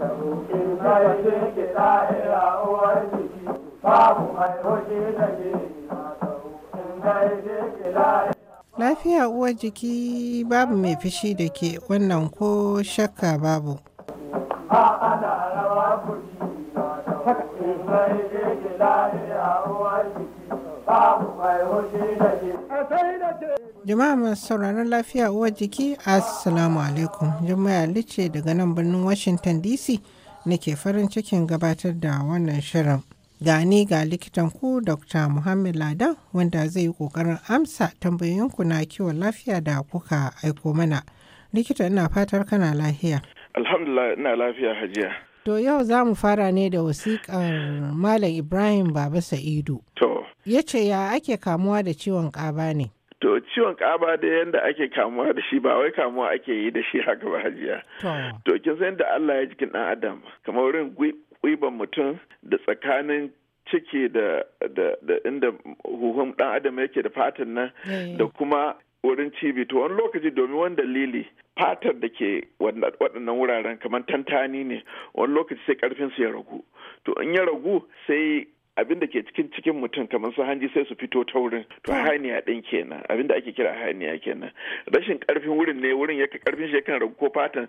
tarukin uwar jiki babu mai fushi da ke Lafiya uwar jiki babu mai fushi da ke wannan ko shakka babu. Ba ana rawa na da Jama'a masu sauraron lafiya uwar jiki, Assalamu alaikum. Jama'a Lice daga nan birnin Washington DC nake farin cikin gabatar da wannan shirin. Gani ga likitan ku Dr. Muhammad Ladan wanda zai yi kokarin amsa tambayoyinku na kiwon lafiya da kuka aiko mana. Likita ina fatar kana lafiya. Alhamdulillah ina lafiya hajiya. To yau za mu fara ne da wasiƙar Malam Ibrahim Baba Sa'idu. To. Ya ce ya ake kamuwa da ciwon ƙaba ne? To ciwon ƙaba da yadda ake kamuwa da shi ba wai kamuwa ake yi da shi haka ba hajiya. To kin san da Allah ya jikin ɗan Adam kamar wurin gwiban mutum da tsakanin ciki da inda huhun ɗan Adam yake da fatan nan eh. da kuma wurin cibi to wani lokaci domin wani dalili fatar da ke waɗannan wuraren kamar tantani ne wani lokaci sai karfin su ya ragu to in ya ragu sai abin da ke cikin cikin mutum kamar su hanji sai su fito ta wurin to haniya hmm. din kenan abin da ake kira haniya kenan rashin karfin wurin ne wurin ya karfin shi yakan ragu ko fatan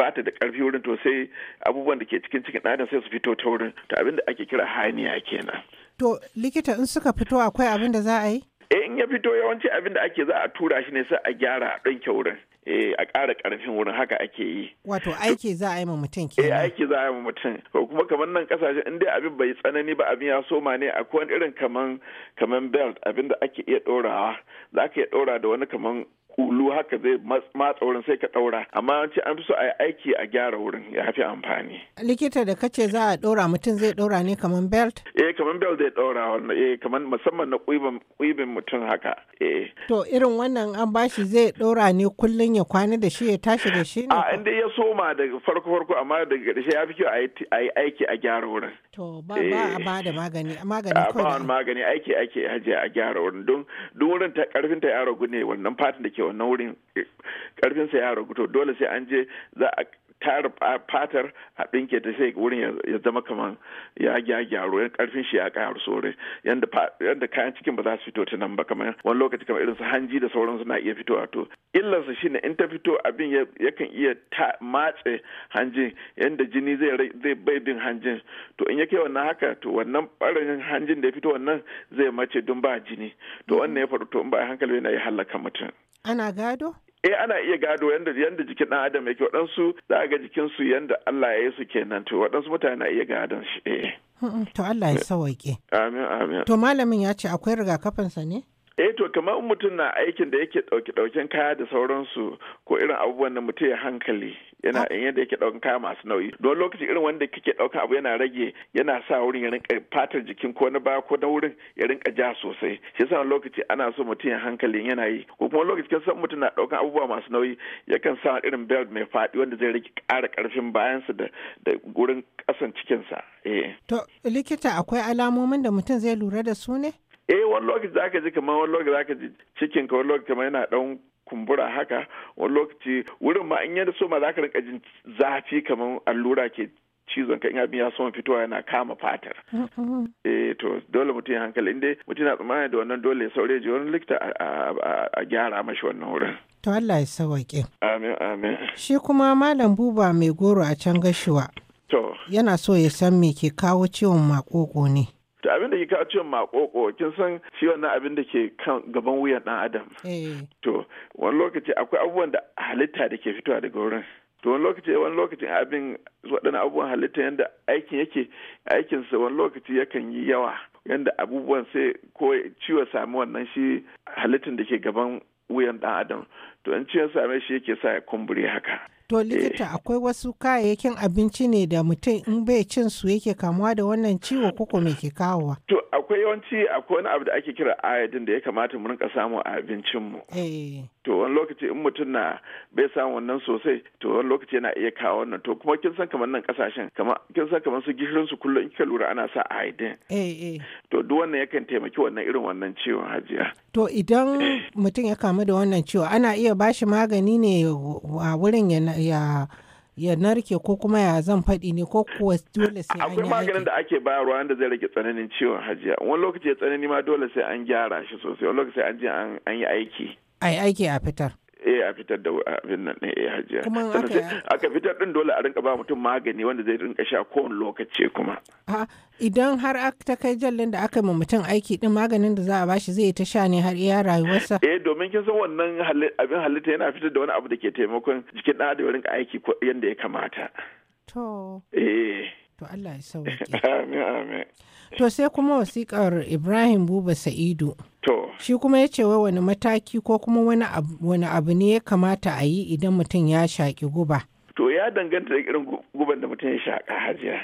ba ta da karfi wurin to sai abubuwan da ke cikin cikin ɗan sai su fito ta wurin to abin da ake kira haniya kenan to likita in suka fito akwai abin da za a yi Eh in ya fito yawanci abin da ake za a tura shi ne sai a gyara a ɗanke wurin eh, a ƙara ƙarfin wurin haka ake yi wato aiki za a yi ma mutum ke eh aiki za a yi ma mutum ko kuma kamar nan kasashe in dai abin bai tsanani ba abin ya soma ne akwai wani irin kaman kaman belt abin da ake iya ɗorawa za ka iya ɗora da wani kaman kulu haka zai matsa wurin sai ka ɗaura amma an ce an fi so a yi aiki a gyara wurin ya fi amfani. likita da kace za a ɗaura mutum zai ɗaura ne kamar belt? eh kamar belt zai ɗaura wannan eh kamar musamman na ƙuibin mutum haka eh. to irin wannan an bashi zai ɗaura ne kullum ya kwana da shi ya tashi da shi ne? a inda ya soma daga farko farko amma daga ƙarshe ya fi kyau a yi aiki a gyara wurin. to ba a eh. ba da magani magani kawai. ba magani aiki aiki a gyara wurin don wurin ta ƙarfin ta ya ragu ne wannan fatin da ke wannan wurin karfinsa eh, ya ragu to dole sai an je za a tara fatar a ɗinke ta sai wurin ya zama kamar ya gyaro yan karfin shi ya ƙaru sore yadda kayan cikin ba za su fito ta nan ba kamar wani lokaci kamar irin su hanji da sauransu na iya fitowa to illarsa ne in ta fito abin yakan iya matse hanjin yadda jini zai bai bin hanjin to in yake wannan haka to wannan ɓarayin hanjin da ya fito wannan zai mace don ba jini to wannan ya faru to in ba hankali yana ya halaka mutum Ana gado? eh ana iya gado yanda jikin dan adam yake waɗansu za a ga jikinsu su yanda Allah ya yi su kenan to waɗansu mutane na iya gadon shi eh to Allah ya ke. Eh. amin amin to malamin ya ce akwai rigakafinsa ne eh to kamar mutum na aikin da yake ɗauke-ɗauken kaya da sauransu ko irin abubuwan da mutum ya hankali yana yadda yake ɗaukan kaya masu nauyi don lokaci irin wanda kike ɗauka abu yana rage yana sa wurin ya rinka fatar jikin ko na baya ko na wurin ya rinka ja sosai shi yasa lokaci ana so mutum ya hankali yana yi ko kuma lokaci kan san mutum na ɗaukan abubuwa masu nauyi yakan sa irin belt mai faɗi wanda zai rage ƙara ƙarfin bayansa da da gurin ƙasan cikinsa eh to likita akwai alamomin da mutum zai lura da su ne eh wani lokaci zaka ji kamar wani lokaci zaka ji cikin ka wani lokaci kamar yana ɗan kumbura haka wani lokaci wurin ma in yadda so ma za ka rinka jin zafi kamar allura ke cizon ka, in abin ya son fitowa yana kama fatar. Mm-hmm. Eh to dole mutum ya hankali inda mutum na tsammani da wannan dole ya saurayi ji wani likita a gyara mashi wannan wurin. To Allah ya sawaƙe. Amin amin. Shi kuma Malam Buba mai goro a can gashiwa. To. Yana so ya san me ke kawo ciwon makoko ne. abin da kika ce makoko kin san shi wannan abin da ke kan gaban wuyan dan adam eh. to wani lokaci akwai abubuwan da halitta da ke fitowa daga wurin to wani lokaci wani lokacin abin waɗannan abubuwan halitta yadda aikin yake aikinsa wani lokaci yakan yi yawa yadda abubuwan sai ko ciwo samu wannan shi halittin da ke gaban wuyan dan adam to in ciwon same shi yake sa ya kumburi haka To likita eh. akwai wasu kayayyakin abinci ne da mutum in bai cin su yake kamuwa da wannan ciwo koko me ke kawowa? To akwai yawanci akwai wani abu da ake kira ayodin da ya kamata mu rinka samu a abincinmu. Eh. To wani lokaci in mutum na bai samu wannan sosai to wani lokaci yana iya kawo wannan to kuma kin san kamar nan kasashen kamar kin san kamar su gishirin su kullum in kika lura ana sa ayodin. Eh, to duk wannan yakan taimaki wannan irin wannan ciwon hajiya. To idan mutum ya kamu da wannan ciwo ana iya bashi magani ne a wurin yana ya ya narke ko kuma ya zan faɗi ne ko kuwa dole sai an akwai maganin da ake bayarwa wanda zai rage tsananin ciwon hajiya wani lokaci ya tsanani ma dole sai an gyara shi sosai wani lokaci an je an yi aiki ai aiki a fitar eh a fitar da abin nan ne eh hajiya kuma aka fitar din dole a rinka ba mutum magani wanda zai rinka sha kowane lokaci kuma ah, idan har ta kai jallin da aka ma mutum aiki din maganin da za a bashi zai ta sha ne har iya rayuwarsa eh domin kin san wannan abin halitta yana fitar da wani abu da ke taimakon jikin ɗan adam rinka aiki yadda ya kamata to eh to Allah ya sauke amin amin to sai kuma wasikar Ibrahim Buba Sa'idu Shi kuma ya ce wai wani mataki ko kuma wani abu ne ya kamata a yi idan mutum ya shaƙi guba. To ya danganta da irin guban da mutum ya shaƙa hajiya.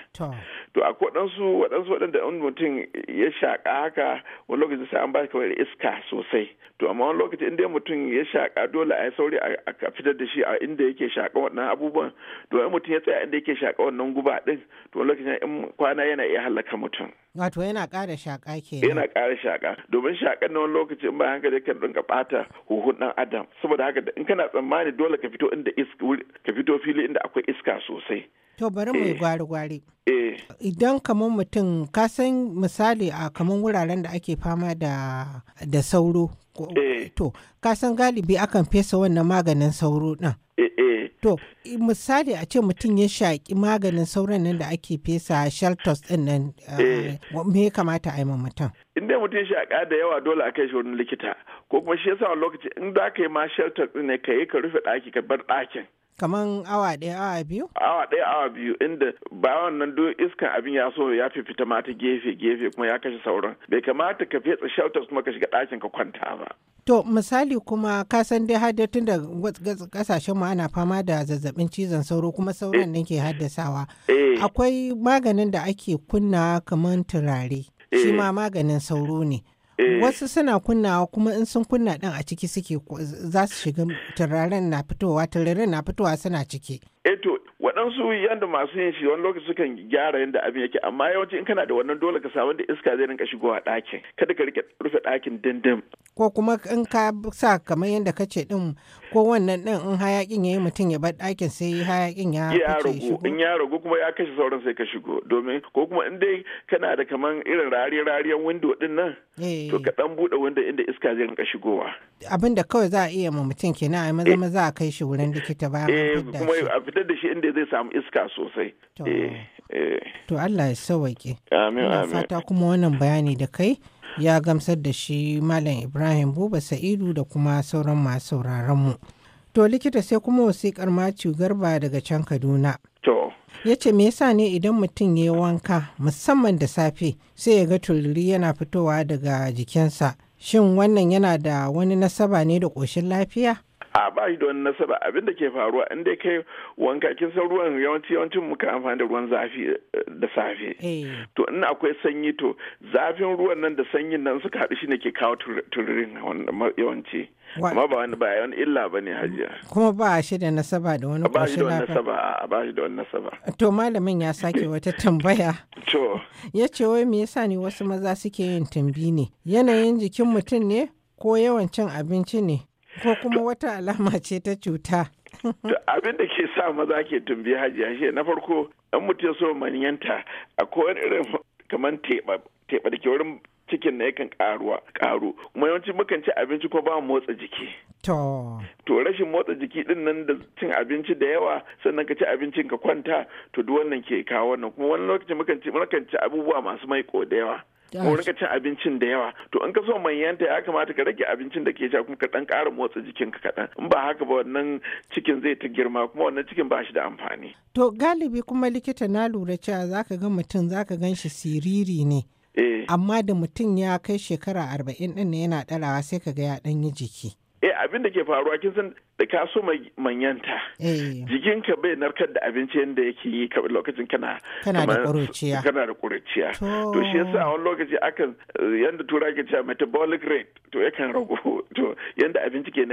to akwai waɗansu waɗansu waɗanda in mutum ya shaƙa haka wani lokaci sai an ba shi kamar iska sosai to amma wani lokaci inda mutum ya shaƙa dole a yi sauri a fitar da shi a inda yake shaƙa wannan abubuwan to in mutum ya tsaya inda yake shaƙa wannan guba ɗin to wani lokaci in kwana yana iya halaka mutum. wato yana ƙara shaƙa ke yana ƙara shaƙa domin shaƙan na wani lokaci in ba hankali kan ka ɓata huhun ɗan adam saboda haka in kana tsammani dole ka fito inda iska ka fito fili inda akwai iska sosai. to bari mu yi eh. gwari-gwari. eh Idan kamar mutum ka san misali a kamar wuraren da ake fama da da sauro. Eh. To, ka san galibi akan fesa wannan maganin sauro ɗin. Eh, eh. To, misali a ce mutum ya shaƙi maganin sauran nan da ake fesa shelters ɗin nan me ya kamata a yi ma mutum? Inda mutum ya shaƙa da yawa dole a kai shi wani likita, ko kuma shi yasa a lokaci in za ka yi ma shelters ɗin ne ka yi ka rufe ɗaki ka bar ɗakin. kaman awa ɗaya awa biyu? awa ɗaya awa biyu inda bayan nan duk iskan abin ya so ya fita mata gefe gefe kuma ya kashe sauran bai kamata ka fetsa shelters kuma ka shiga ɗakin ka kwanta ba. to misali kuma ka san dai tun da kasashen mu ana fama da zazzabin cizon sauro kuma sauran nan ke eh. haddasawa eh. akwai maganin da ake kunna kaman turare shi eh. ma maganin sauro ne Eh. wasu suna kunnawa kuma in sun kunna din a ciki suke za su shiga turaren na fitowa turaren na fitowa suna ciki eto eh waɗansu yadda masu yin shi wani lokaci sukan gyara yadda abin yake amma yawanci in kana da wannan dole ka samu da iska zai rinka shigowa ɗakin kada ka rike rufe ɗakin dindin ko kuma in ka sa kamar yadda ka ce din ko wannan din in hayakin yi mutum ya bar ɗakin sai hayakin ya ya shigo in ya ragu kuma ya kashe sauran sai ka shigo domin ko kuma in dai kana da kamar irin rariya rariyan window din nan eh. to ka dan bude window inda iska zai rinka shigowa abin da kawai za a iya ma mutum kenan a maza eh. maza a kai shi wurin likita ba eh kuma a fitar da shi inda zai samu iska sosai eh, eh to Allah ya sauwaƙe amin amin fata kuma wannan bayani da kai ya gamsar da shi Malam Ibrahim Buba Sa'idu da kuma sauran masu mu. To likita sai kuma wasiƙar Maciu Garba daga can Kaduna. To. Ya ce me yasa ne idan mutum ya yi wanka musamman da safe sai ya ga tururi yana fitowa daga jikinsa. Shin wannan yana da wani nasaba ne da ƙoshin lafiya? a ba shi da wani nasaba abin da ke faruwa in dai kai wanka kin san ruwan yawanci yawancin muka amfani da ruwan zafi eh, da safe eh. to in akwai sanyi to zafin ruwan nan da sanyin nan suka haɗu shine ke kawo tururin yawanci amma ba wani ba wani illa ba ne hajiya kuma ba shi da nasaba da wani ba nasaba ba shi da wani nasaba to malamin ya sake wata tambaya to ya ce wai me yasa ne wasu maza suke yin tambi ne yanayin jikin mutum ne ko yawan cin abinci ne Ko kuma wata alama ce ta cuta. Abin da ke sa maza ke tumbi hajiya shi na farko an mutu so manyanta a kowane irin kamar teɓa da ke wurin cikin na yakan karuwa karu kuma yawanci mukan ci abinci ko ba motsa jiki to rashin motsa jiki din nan da cin abinci da yawa sannan ka ci abincin ka kwanta to duk wannan ke kawo wannan kuma wani lokaci mukan ci ci abubuwa masu maiko da yawa ko ka cin abincin da yawa to in ka so manyanta ya kamata ka rage abincin da ke sha kuma ka dan ƙara motsa jikin ka kaɗan in ba haka ba wannan cikin zai ta girma kuma wannan cikin ba shi da amfani. To galibi kuma likita na lura cewa zaka ga mutum zaka gan shi siriri ne. Eh. amma da mutum ya kai shekara arba'in ɗin yana ɗarawa sai ka ga ya ɗan yi jiki. Eh, abin da ke faruwa kin san da ka so manyanta eh. jikinka bai narkar da abinci yadda yake yi lokacin kana kana da kuruciya kana da kuruciya to shi yasa a wani lokaci akan eh, yanda tura ke cewa metabolic rate to yakan ragu to yanda abinci ke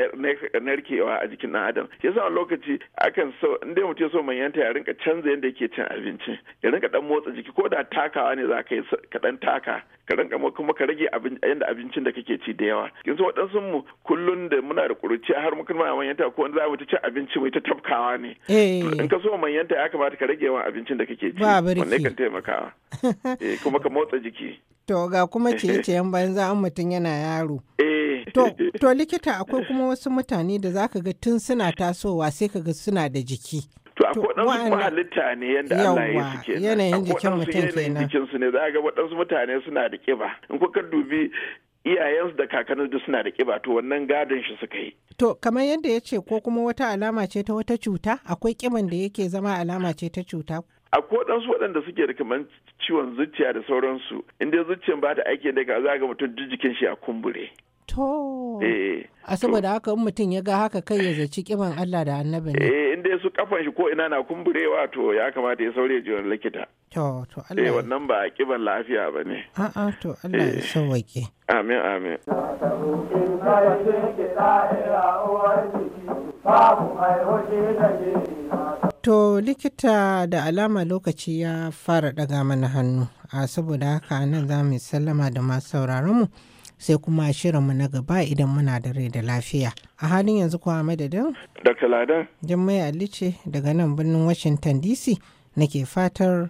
narkewa a jikin dan adam shi yasa a wani lokaci akan so in dai mutum so manyanta ya rinka canza yadda yake cin abinci ya rinka dan motsa jiki ko da takawa ne za ka yi ka dan taka ka rinka kuma ka rage yadda abincin da kake ci da yawa kin san waɗansu mu kullum da muna da kuruciya har muka ma manyanta ko za mu ta ci abinci mu ta tafkawa ne eh. in ka so manyanta ya kamata ka rage yawan abincin da kake ci wanda kan taimakawa eh, kuma ka motsa jiki to ga kuma ce ciye-ciyen banza an mutum yana yaro eh. to to likita akwai kuma wasu mutane da zaka ga tun suna tasowa sai ka ga suna da jiki to akwai dan waɗansu halitta ne yanda Allah ya suke kenan yanayin jikin mutum kenan jikin su ne zaka ga wadansu mutane suna da kiba in kuka dubi iyayensu da kakannin duk suna da kiba to wannan gadon shi suka yi. To kamar yadda ya ce ko kuma wata alama ce ta wata cuta akwai kiban da yake zama alama ce ta cuta. Akwai waɗansu waɗanda suke da kamar ciwon zuciya da sauransu inda zuciyan ba ta aiki da ka za ga mutum duk jikin shi a kumbure. To. Eh. A saboda haka in mutum ya ga haka kai ya zaci kiban Allah da annabi ne. Eh inda su kafan shi ko ina na kumburewa to ya kamata ya saurayi jiran likita. To, eh, wannan ba a kiban lafiya ba ne. A'a to Allah ya eh. sauwaƙe. Amin amin. To likita da alama lokaci ya fara ɗaga mana hannu, a saboda haka nan za mu sallama da masu mu sai kuma mu na gaba idan muna da rai da lafiya. A halin yanzu kuwa madadin? Dr. Ladan. Jummai Ali daga nan birnin Washington DC nake fatar